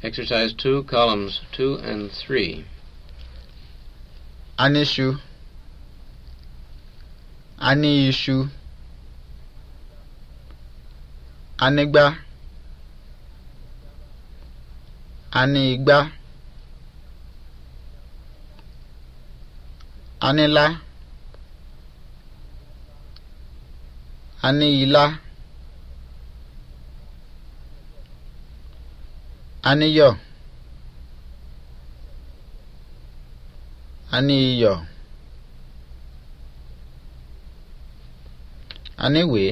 Exercise 2, columns 2 and 3. An issue. Any issue. Anigba. Anigba. Anila. Anila. yọ, yọ, anịyọ wee,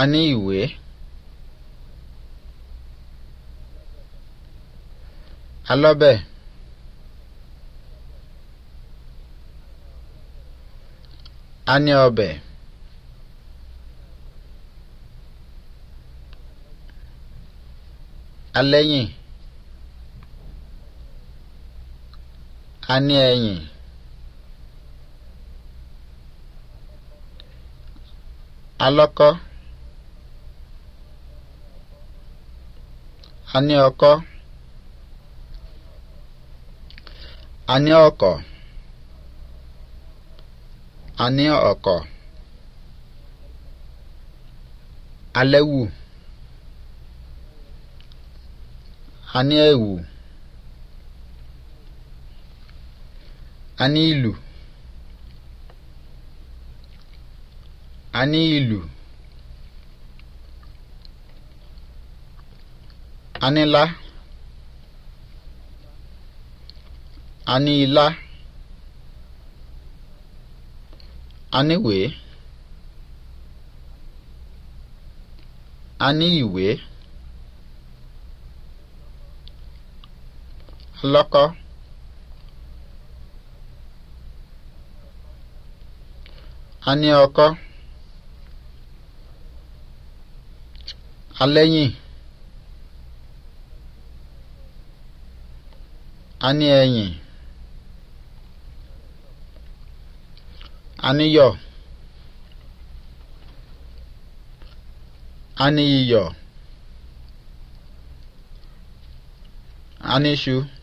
anịwe iwe, alọbe anịọbe alẹ́yìn a ní ẹ̀yìn alọ́kọ́ a ní ọkọ́ a ní ọkọ̀ a ní ọkọ̀ anị ewu anị ilu anị ilu anịla anịla anịwe anị iwe لقى ani ọkọ alẹ́yìn ani ẹ̀yìn aniyọ̀ aniyiyọ̀ aniṣu. Ani